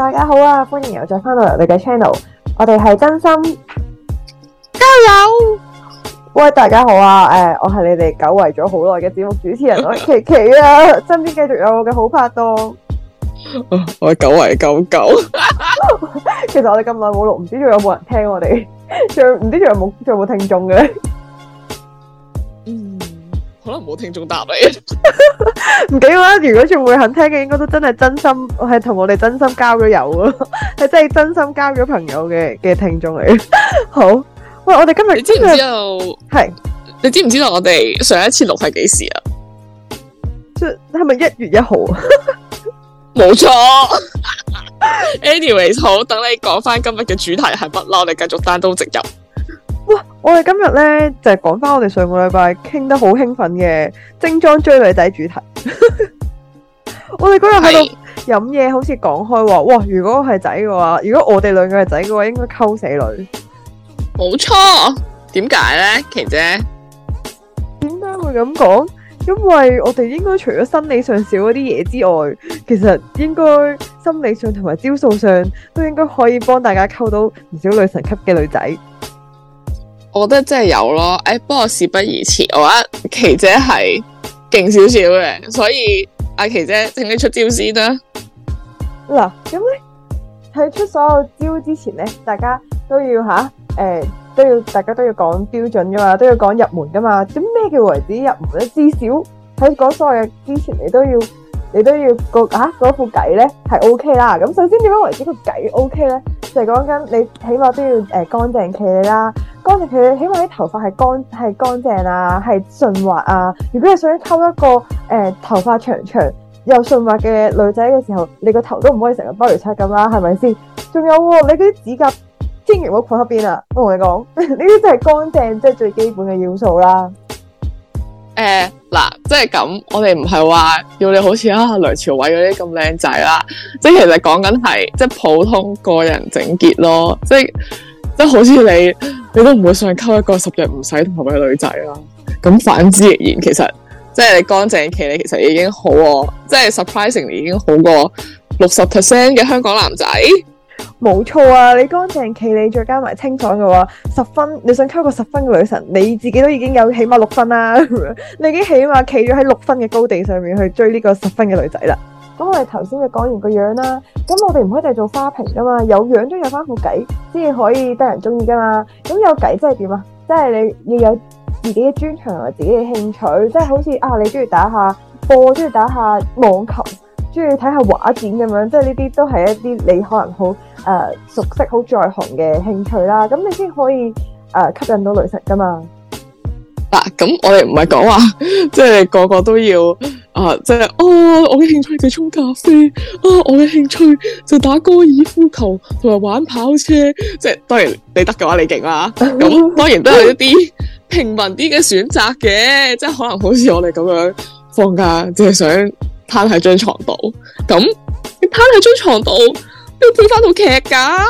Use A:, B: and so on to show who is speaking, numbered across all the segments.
A: 大家好啊，歡迎又再翻到嚟我哋嘅 channel，我哋係真心加油喂！大家好啊，誒，我係你哋久違咗好耐嘅節目主持人，琪琪啊，身邊繼續有我嘅好拍檔，
B: 我係久違久久，
A: 其實我哋咁耐冇錄，唔知仲有冇人聽我哋，仲唔知仲有冇仲有冇聽眾嘅咧。
B: 可能冇聽眾答
A: 你 記，唔緊要如果仲會肯聽嘅，應該都真的真,真,的真的真心，係同我哋真心交咗友啊，係真係真心交咗朋友嘅聽眾嚟。好，喂，我哋今日你知唔知
B: 道？係你知唔知道我哋上一次錄係幾時啊？即係咪一月一號啊？冇 錯。Anyways，好，等你講翻今日嘅主題係咩，你繼續單刀直入。
A: 哇！我哋今日咧就係講翻我哋上個禮拜傾得好興奮嘅精裝追女仔主題。 我哋嗰日喺度飲嘢，好似講開話。哇！如果我係仔嘅話，如果我哋兩個係仔嘅話，應該溝死女。
B: 冇錯，點解咧，琪姐？
A: 點解會咁講？因為我哋應該除咗生理上少一啲嘢之外，其實應該心理上同埋招數上都應該可以幫大家溝到唔少女神級嘅女仔。
B: 我覺得真係有咯。誒，不過事不宜遲，我覺得琪姐係勁少少嘅，所以阿琪姐，請你出招先啦。
A: 嗱，咁咧喺出所有招之前咧，大家都要吓誒、啊呃，都要大家都要講標準噶嘛，都要講入門噶嘛。點咩叫為之入門咧？至少喺講所有嘢之前，你都要你都要個吓嗰副偈咧係 O K 啦。咁首先點樣為之個偈 O K 咧？就係講緊你起碼都要誒乾淨企理啦。乾淨佢，起碼啲頭髮係乾係乾淨啊，係順滑啊。如果你想溝一個誒、欸、頭髮長長又順滑嘅女仔嘅時候，你個頭都唔可以成個玻璃擦咁啦，係咪先？仲有，你嗰啲指甲千祈唔好困黑邊啊！我同你講，呢 啲就係乾淨，即、就、係、是、最基本嘅要素、呃、啦。
B: 誒，嗱，即係咁，我哋唔係話要你好似阿梁朝偉嗰啲咁靚仔啦，即係其實講緊係即係普通個人整潔咯，即係。即好似你，你都唔會想溝一個十日唔使同佢嘅女仔啦。咁反之亦然，其實即係你乾淨企理，你其實已經好，即係 surprisingly 已經好過
A: 六十 percent 嘅香港男仔。冇錯啊，你乾淨企理你再加埋清爽嘅話，十分你想溝個十分嘅女神，你自己都已經有起碼六分啦，咁 樣你已經起碼企咗喺六分嘅高地上面去追呢個十分嘅女仔啦。咁我哋頭先就講完個樣啦，咁我哋唔可以淨係做花瓶噶嘛，有樣都有翻副計，先至可以得人中意噶嘛。咁有計即係點啊？即係你要有自己嘅專長同埋自己嘅興趣，即係好似啊，你中意打下波，中意打下網球，中意睇下畫展咁樣，即係呢啲都係一啲你可能好誒、呃、熟悉、好在行嘅興趣啦。咁你先可以誒、呃、吸引到女神噶嘛？
B: 嗱、啊，咁我哋唔係講話即係個個都要。啊，即係哦、我嘅興趣就沖咖啡啊、哦，我嘅興趣就打高爾夫球同埋玩跑車，即係當然你得嘅話你勁啦。咁 當然都有一啲平民啲嘅選擇嘅，即係可能好似我哋咁樣放假就係想攤喺張床度。咁你攤喺張床度都要睇翻套劇噶。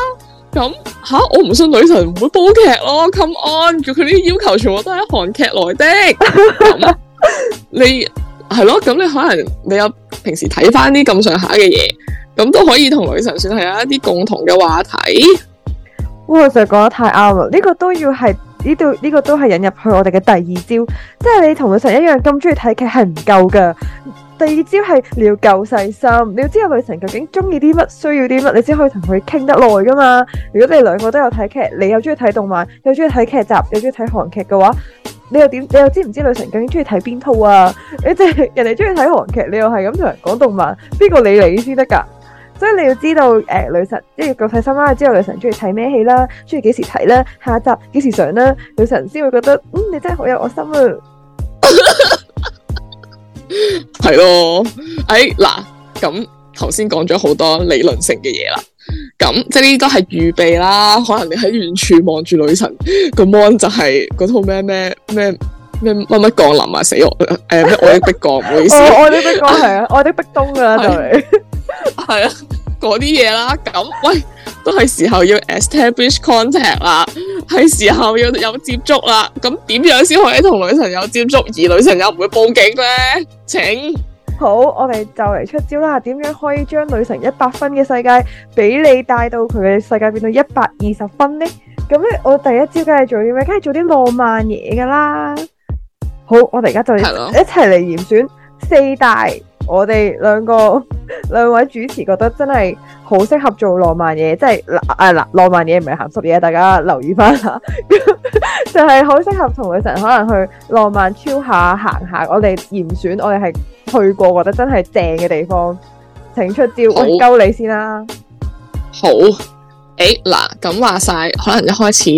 B: 咁吓、啊，我唔信女神唔會煲劇咯。Come on，佢啲要求全部都係韓劇來的。 你。係咯，咁你可能你有平時睇翻啲咁上下嘅嘢，咁都可以同女神算係有一啲共同嘅話題。
A: 哇、哦，就講得太啱啦！呢、呢個都要係呢度，呢、呢個呢個都係引入去我哋嘅第二招，即係你同女神一樣咁中意睇劇係唔夠噶。第二招係你要夠細心，你要知道女神究竟中意啲乜，需要啲乜，你先可以同佢傾得耐噶嘛。如果你兩個都有睇劇，你又中意睇動漫，又中意睇劇集，又中意睇韓劇嘅話。你又點？你又知唔知女神究竟中意睇邊套啊？你即係人哋中意睇韓劇，你又係咁同人講動漫，邊個理你先得噶？所以你要知道誒、呃，女神即係要夠細心啦，知道女神中意睇咩戲啦，中意幾時睇啦，下一集幾時上啦，女神先會覺得嗯，你真係好有我心啊。
B: 係 咯，哎嗱，咁頭先講咗好多理論性嘅嘢啦。咁即係呢個係係預備啦，可能你喺遠處望住女神個 mon 就係嗰套咩咩咩咩乜乜降臨埋、啊、死我，咩愛的迫降唔好意思，愛的迫降係啊、 哦，愛的迫、， 哎、愛的迫冬 東啦就係，係啊嗰啲嘢啦，咁喂都係時候要 establish contact 啦，
A: 係時候
B: 要有接觸啦，咁點樣先可以同女神有接觸而女神又唔會報警咧？
A: 請。好，我哋就嚟出招啦。點樣可以將女神一百分嘅世界俾你帶到佢嘅世界，變到一百二十分呢？咁咧，我第一招梗係做啲咩？梗係做啲浪漫嘢噶啦。好，我哋而家就一齊嚟嚴選四大我哋兩個兩位主持覺得真係好適合做浪漫嘢，即係嗱誒嗱浪漫嘢唔係鹹濕嘢，大家留意翻下， 就係好適合同女神可能去浪漫超下行下。我哋嚴選，我哋係。去過覺得真係正嘅地方，請出招，我溝你先啦。好。誒、欸，嗱，咁話晒，可能一開始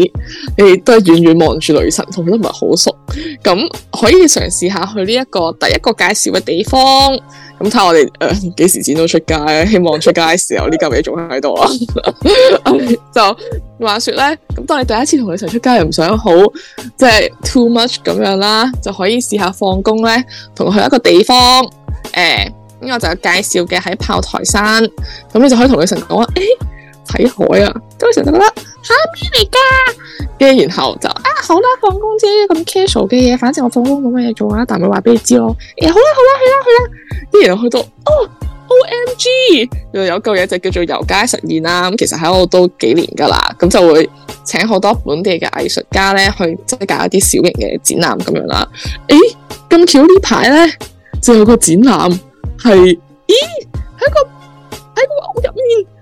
B: 你都係遠遠望住女神，同佢都唔係好熟，咁可以嘗試下去呢一個第一個介紹嘅地方，咁睇下我哋誒幾時剪到出街，希望出街嘅時候呢個嘢仲喺度啊！就話說咧，咁當你第一次同女神出街又唔想好即係 too much 咁樣啦，就可以試下放工咧，同佢去一個地方，誒、呃，咁我就介紹嘅喺炮台山，咁你就可以同女神講話。欸睇海啊，成日覺得嚇咩嚟噶？跟、啊、住然後就啊，好啦，放工啫。咁 casual 嘅嘢，反正我放工冇乜嘢做啊，但咪話俾你知咯。誒、欸，好啦，好啦，去啦，去啦。跟住然後去到哦，O M G，又有嚿嘢就叫做遊街實驗啦。咁其實喺我都幾年噶啦，咁就會請好多本地嘅藝術家咧去即係搞一啲小型嘅展覽咁樣啦。誒咁巧呢排咧，就有個展覽係咦喺個喺個屋入面。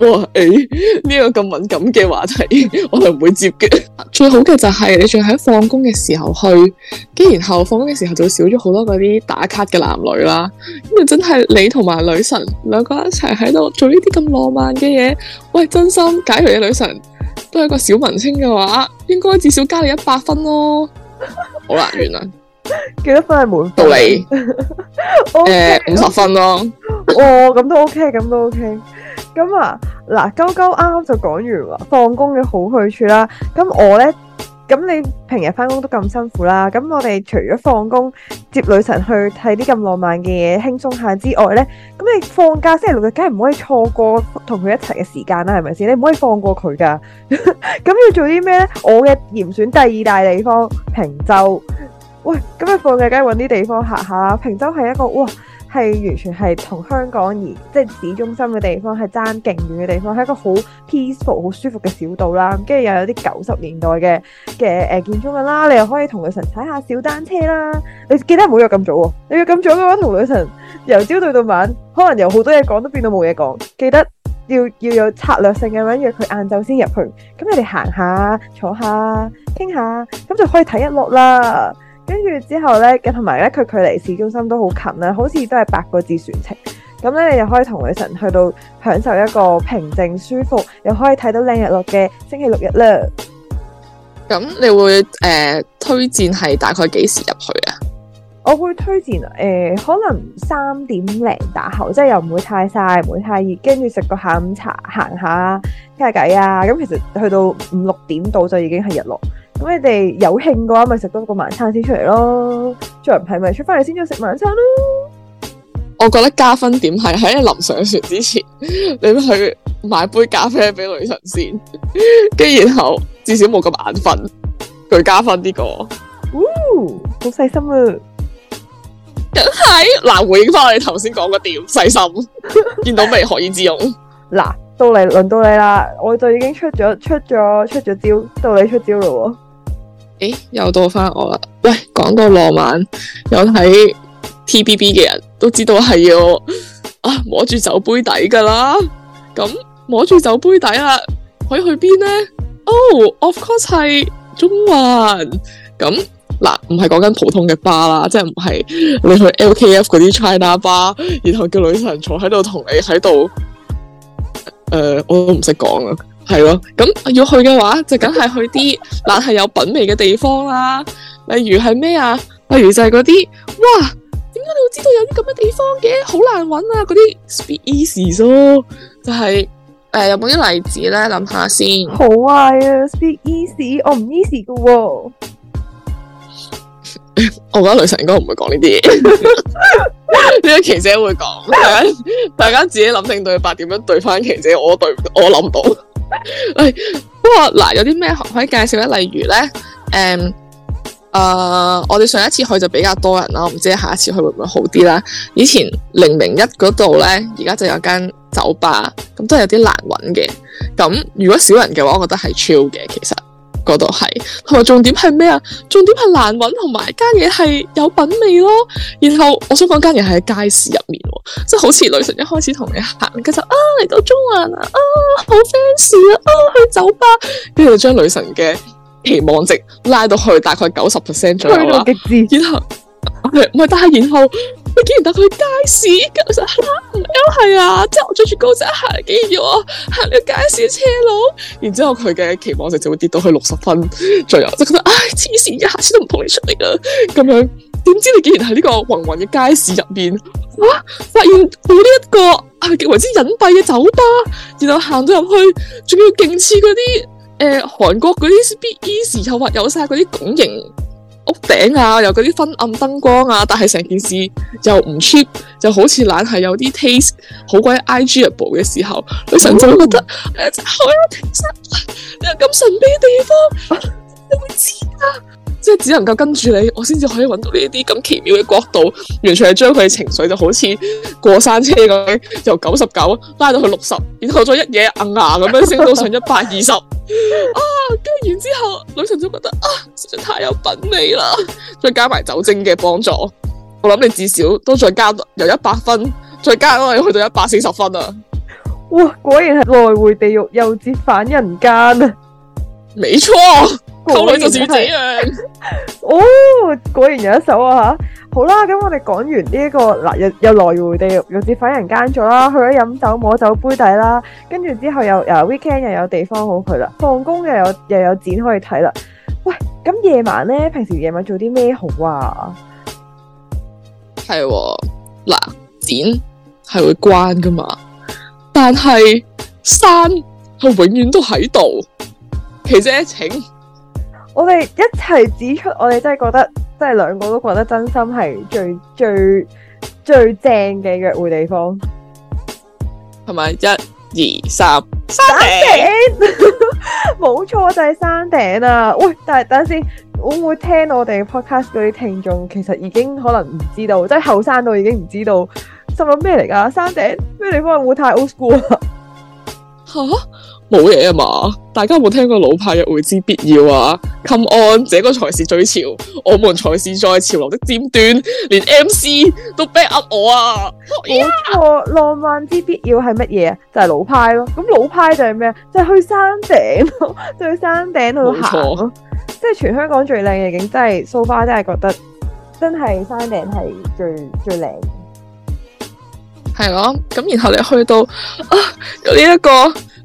A: 哇！誒、欸，呢、這個咁敏感
B: 嘅話題，我係唔會接嘅。最好嘅就係、是、你仲喺放工嘅時候去，跟然後放工嘅時候就會少咗好多嗰啲打卡嘅男女啦。咁啊，真係你同埋女神兩個一齊喺度做呢啲咁浪漫嘅嘢。喂，真心假如你女神都係一個小文青嘅話，應該至少加你一百分咯。好難，原
A: 來幾多分係門到你？誒、okay, okay. 呃，五十分咯。哦，咁都 OK，咁都 OK。咁啊，嗱，鳩鳩啱啱就講完放工嘅好去處啦。咁我咧，咁你平日翻工都咁辛苦啦。咁我哋除咗放工接女神去睇啲咁浪漫嘅嘢、輕鬆下之外咧，咁你放假星期六日梗係唔可以錯過同佢一齊嘅時間啦，係咪先？你唔可以放過佢噶。咁要做啲咩咧？我嘅嚴選第二大地方坪洲。喂，咁你放假梗係搵啲地方行下啦。坪洲係一個哇。係完全係同香港而即係、就是、市中心嘅地方係爭勁遠嘅地方，係一個好 peaceful、好舒服嘅小島啦。跟住又有啲九十年代嘅嘅誒建築物啦。你又可以同女神踩下小單車啦。你記得唔好約咁早喎、哦，你約咁早嘅話，同女神由朝到到晚，可能由好多嘢講都變到冇嘢講。記得要要有策略性嘅，揾約佢晏晝先入去。咁你哋行下、坐下、傾下，咁就可以睇日落啦。跟住之後呢，同埋呢，佢距離市中心都好近咧，好似都係八個字船程。咁咧，你就可以同女神去到享受一個平靜舒服，又可以睇到靚日落嘅星期六日啦。咁你會誒、呃、推薦係大
B: 概幾時入去啊？
A: 我會推薦誒、呃，可能三點零打後，即係又唔會太晒，唔會太熱，跟住食個下午茶，行下，傾下偈啊。咁其實去到五六點到就已經係日落。咁你哋有興嘅話，咪食多個晚餐先出嚟咯。再唔係咪出翻嚟先食晚餐咯？我覺得加分
B: 點係喺你臨上船之前， 你去買杯咖啡給女神先，跟然後至少冇咁眼瞓，佢加分啲，這個。
A: 嗚、哦，好細心啊！梗係嗱，回應翻你哋頭先講個點細
B: 心， 見到未何以自容
A: 嗱？到你，輪到你啦，我就已經出咗出咗出咗招，到你出招咯。誒，又到返我啦！喂，
B: 講到浪漫，有睇 TBB 嘅人都知道係要啊摸住酒杯底㗎啦，咁摸住酒杯底啦，可以去邊呢？哦、oh，of course 係中環。咁嗱，唔係講緊普通嘅巴啦，即係唔係你去 LKF 嗰啲 China 巴，然後叫女神坐喺度同你喺度，誒、呃，我都唔識講。係咯，咁要去嘅話就梗係去啲但係有品味嘅地方啦。 例如係咩啊？例如就係嗰啲哇，點解你會知道有啲咁嘅地方嘅？好難揾啊！嗰啲 Speak Easy 咯、哦，就係、是、誒、呃，有冇啲例子咧？諗下先。
A: 好啊，Speak Easy，我唔 Easy 喎。
B: 我覺得女神應該唔會講呢啲嘢，呢啲奇姐會講。 大家自己諗定對白，點樣對翻奇姐？我對唔，我諗唔到。 不過，嗱，有啲咩可以介紹咧？例如咧，誒、嗯，誒、呃，我哋上一次去就比較多人啦，我唔知下一次去會唔會好啲啦。以前零零一嗰度咧，而家就有間酒吧，咁都係有啲難搵嘅。咁如果少人嘅話，我覺得係超嘅，其實。嗰度係，同埋重點係咩啊？重點係難揾，同埋間嘢係有品味咯。然後我想講間嘢係喺街市入面，即係好似女神一開始同你行，佢就啊嚟到中環啊，啊，好 fans 啊，啊去酒吧，跟住就將女神嘅期望值拉到去大概九十 percent 左右。去到極致，然後唔係、 okay, 但係然後。你竟然帶佢去街市，我話啦，又係啊！之後我着住高踭鞋，竟然要我行呢個街市嘅車路，然之後佢嘅期望值就會跌到去六十分左右，最後就覺得，唉黐線，一、哎、下次都唔同你出嚟啦！咁樣，點知你竟然喺呢個渾渾嘅街市入邊，哇、啊！發現冇呢一個係極、啊、為之隱蔽嘅酒吧，然後行咗入去，仲要勁似嗰啲誒韓國嗰啲 speakeasy，又話有晒嗰啲拱形。屋頂啊，有嗰啲昏暗燈光啊，但係成件事又唔 cheap，就好似懶係有啲 taste，好鬼 IGable 嘅時候，女神就會覺得、嗯，啊，真係好有 taste！你又咁神秘嘅地方、啊，你會知啊？即係只能夠跟住你，我先至可以揾到呢啲咁奇妙嘅角度，完全係將佢情緒就好似過山車咁，由九十九拉到去六十，然後再一嘢硬牙咁樣升到上一百二十啊！跟住然之後，女神就覺得啊，實在太有品味啦！再加埋酒精嘅幫助，我諗你至少都再加由一百分，再加都係去到一百四十分啊！
A: 哇！果然係來回地獄又折返人間啊！沒錯。偷女就是這樣。 哦，果然有一手啊！吓、啊，好啦，咁我哋講完呢、這、一個嗱，又又來回地又似返人間咗啦，去咗飲酒摸酒杯底啦，跟住之後又又有 weekend 又有地方好去啦，放工又有又有展可以睇啦。喂，咁夜晚咧，平時夜晚做啲咩好啊？係嗱、哦，展係
B: 會關噶嘛，但係山係永遠都喺度。
A: 其實一請。我哋一齊指出，我哋真係覺得，真係兩個都覺得真心係最最最正嘅約會地方，
B: 係咪？一、二、三，
A: 山頂，冇 錯就係、是、山頂啊！喂，但係等一下先，會唔會聽我哋 podcast 嗰啲聽眾，其實已經可能唔知道，即係後生都已經唔知道，心諗咩嚟㗎？山頂咩地方，什麼地方會，會太 old school 吓？
B: 冇嘢啊嘛！大家有冇聽過老派約會之必要啊？Come on，這個才是最潮，我們才
A: 是在潮流的尖端，連 MC 都 back up 我啊！冇錯，yeah! 浪漫之必要係乜嘢就係、是、老派咯。咁老派就係咩、就是、 啊？就係去山頂，去山頂去行，即係全香港最靚嘅景，so、far, 真係蘇花，真係覺得真係山頂係最最靚嘅。係
B: 咯、啊，咁然後你去到啊，有呢、這、一個。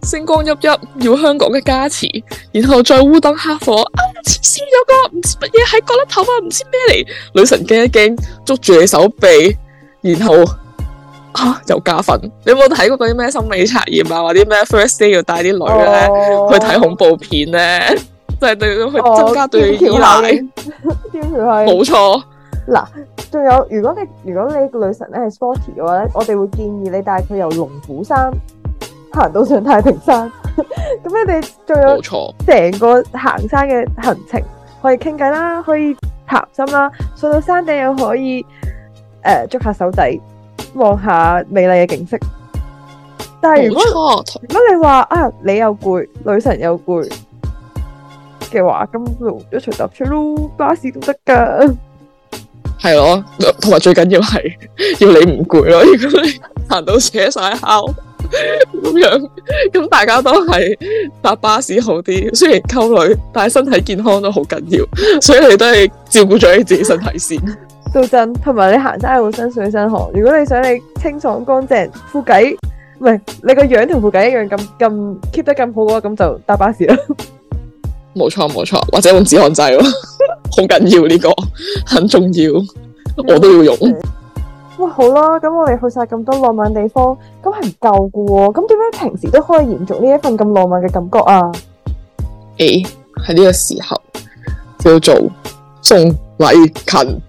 B: 星光熠熠，要香港嘅加持，然後再烏燈黑火啊！黐線咗個唔知乜嘢喺個粒頭啊，唔知咩嚟。女神驚一驚，捉住你手臂，然後啊又加分。你有冇睇過嗰啲咩心理測驗啊？或啲咩 first day 要帶啲女嘅咧去睇恐怖片咧，即係對佢增加對依賴。
A: 吊橋係冇錯嗱，仲有如果即係如果你個女神咧係 sporty 嘅話咧，我哋會建議你帶佢由龍虎山。行到上太平山，咁你哋仲有成個行山嘅行程可以傾偈啦，可以談心啦，上到山頂又可以誒捉下手仔，望下美麗嘅景色。 但係如果如果你話啊 你，哎、你又攰，女神又攰嘅話，咁就一齊搭車咯，巴士都得噶。
B: 係咯，同埋最緊要係要你唔攰咯。如果你行到扯晒喉。 咁樣，咁大家都係搭巴士好啲，雖然溝女，但係身體健康都好緊要，所以你都係照顧咗你自己身體先。
A: 都真，同埋你行山好身水身汗，如果你想你清爽乾淨，膚計唔係你個樣同膚計一樣咁咁 keep 得咁好嘅話，咁就搭巴士啦。
B: 冇錯冇錯，或者用止汗劑咯，好緊要，呢個，很重要，
A: 我都要用。哇，好啦，咁我哋去晒咁多浪漫的地方，咁係唔夠嘅喎，咁點樣平時都可以延續呢一份咁浪漫嘅感覺啊？
B: 誒、欸，喺呢個時候叫做送禮勤。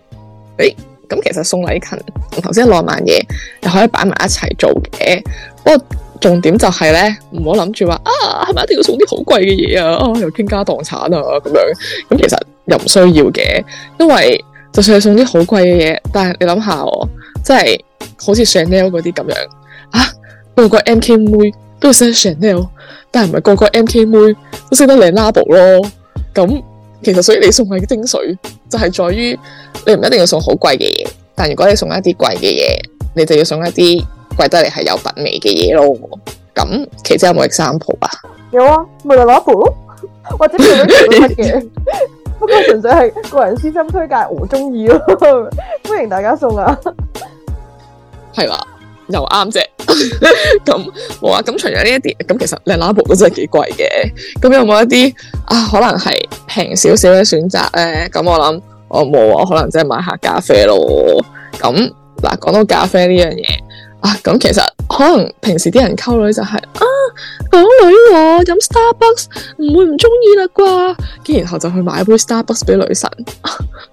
B: 誒，咁、欸、其實送禮勤，同頭先浪漫嘢又可以擺埋一齊做嘅，不過重點就係呢，唔好諗住話啊，係咪一定要送啲好貴嘅嘢啊？啊，又傾家蕩產啊咁樣，咁其實又唔需要嘅，因為。就算係送啲好貴嘅嘢，但係你諗下，真係好似 Chanel 嗰啲咁樣，啊，MK Chanel，個個 M K 妹都會 send Chanel，但係唔係個個 M K 妹都 send 得的 Le Labo 咯。咁其實所以你送嘅精髓就係在於你唔一定要送好貴嘅嘢，但如果你送一啲貴嘅嘢，你就要送一啲貴得嚟係有品味嘅嘢咯。咁其實有冇 example 啊？有啊，冇
A: Le Labo 囉，或者叫你食多啲嘢。 不過純粹係個人私心推介，我鍾意咯，歡迎大家送啊，
B: 係啦，又啱啫。咁好啊，咁除咗呢一啲，咁其實你拉布都真係幾貴嘅。咁有冇一啲啊？可能係平少少嘅選擇咧？咁我諗我冇啊，可能真係買下咖啡咯。咁嗱，講到咖啡呢樣嘢啊，咁其實。可能平時啲人溝女就係啊，港女喎，飲 Starbucks 唔會唔鍾意啦啩，跟然後就去買一杯 Starbucks 俾女神。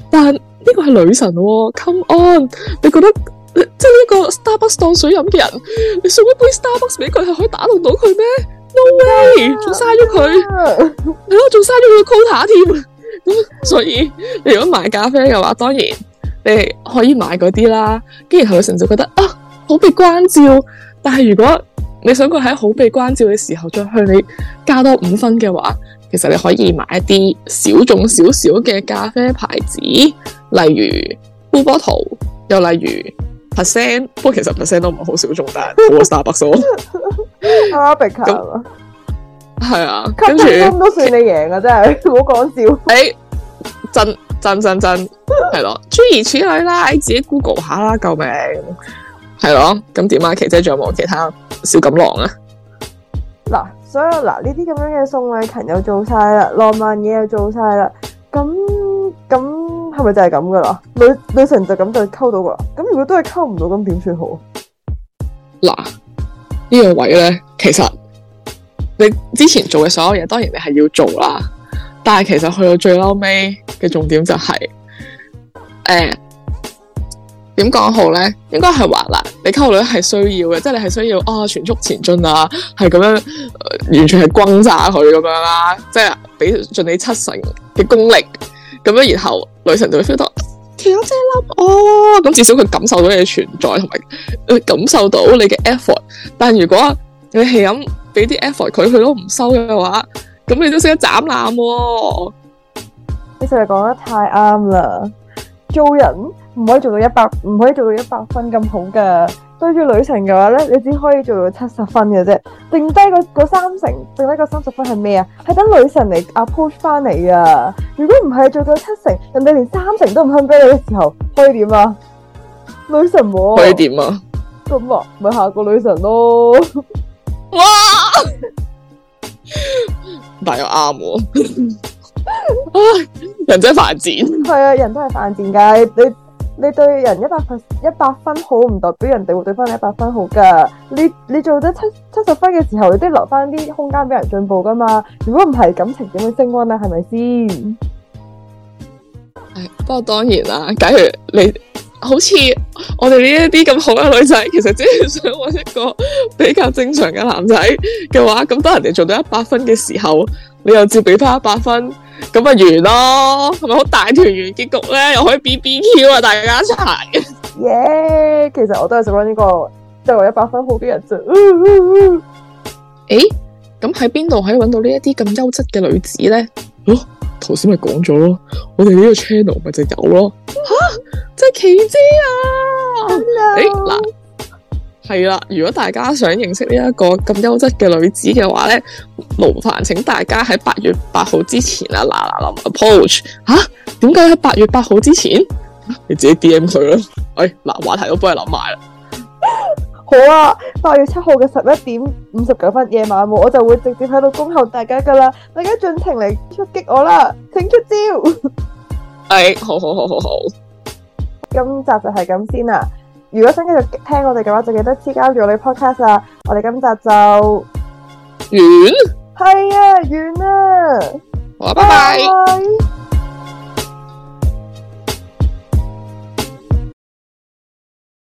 B: 但呢個係女神喎，Come on，你覺得即係呢一個 Starbucks 當水飲嘅人，你送一杯 Starbucks 俾佢係可以打動到佢咩？No way，仲嘥咗佢，係啊，仲嘥咗佢嘅 quota 添。所以你如果買咖啡嘅話，當然你可以買嗰啲啦。跟然後女神就覺得啊，好被關照。但係如果你想佢喺好被關照嘅時候再向你加多五分嘅話，其實你可以買一啲小眾少少嘅咖啡牌子，例如 b o o t 圖，又例如 percent。不過其實 percent 都唔係好小眾，但係我 starbucks。
A: Arabica
B: 係啊， 啊啊嗯、啊跟金幣都算你贏 的、欸、 啊！真係好講笑。誒，真真真真係咯，諸如此類啦，你自己 Google 下啦，救命！係咯，咁點啊？奇姐，仲有冇其他小錦囊啊？
A: 嗱，所以嗱呢啲咁樣嘅送禮陳又做晒啦，浪漫嘢又做晒啦，咁咁係咪就係咁噶啦？女神就咁就溝到噶啦，咁如果都係溝唔到，咁點算好？
B: 嗱呢、這個位呢，其實你之前做嘅所有嘢，當然你係要做啦，但係其實去到最撈尾嘅重點就係、是欸點講好呢？應該係話啦，你溝女是需要嘅，即係你係需要哦，全速前進啊，係咁樣，呃、完全係轟炸佢咁樣啦，即係俾盡你七成嘅功力，咁樣然後女神就會 feel 得，求姐諗哦，咁至少佢感受到你嘅存在，同埋感受到你嘅 effort。但如果你係咁俾啲 effort 佢，佢佢都唔收嘅話，咁你都識得斬纜喎。
A: 呢句講得太啱啦，做人。唔可以做到一百，唔可以做到一百分咁好噶。對住女神嘅話咧，你只可以做到七十分嘅啫，剩低個嗰三成，剩低個三十分係咩啊？係等女神嚟 approach 翻你啊！如果唔係做到七成，人哋連三成都唔肯俾你嘅時候，可以點啊？女神冇可以點啊？咁啊，咪下個女神咯。哇！但
B: 係又啱喎，唉，人真係犯賤。
A: 係啊，人都係犯賤嘅，你。你對人一百分，一百分好唔代表人哋會對翻你一百分好噶，你你做得七七十分嘅時候，你都要留翻啲空間俾人進步噶嘛。如果唔係，感情點會升溫啊？係咪先？誒，不過當然啦，假如你
B: 好似我哋呢一啲咁好嘅女仔，其實只係想揾一個比較正常嘅男仔嘅話，咁當人哋做到一百分嘅時候，你又照俾翻一百分。咁咪完咯，咪好大團圓結局呢，又可以 BBQ 啊，大家一齊。耶、yeah，其實我都係想搵呢個，就係一百分好啲人就。誒、呃，咁喺邊度可以搵到呢一啲咁優質嘅女子呢？哦，頭先咪講咗咯，我哋呢個 channel 咪就有咯。吓，真係奇蹟啊！誒、就是啊，嗱、欸。係啦，如果大家想認識呢一個咁優質嘅女子嘅話呢，勞煩請大家喺八月八號之前啊，嗱嗱臨 approach 吓，點解喺八月八號之前？你自己 DM 佢啦。哎嗱，話題都幫你諗埋啦。
A: 好啊，八月七號嘅十一點五十九分夜晚，我就會直接喺度恭候大家噶啦，大家盡情嚟，出擊我啦，請出招。哎，好好好好好，今集就係咁先啦。如果想繼續聽我哋嘅話，就記得黐膠住我哋 podcast 啊！我哋今集就完，係啊，完啦，好，拜拜。拜拜。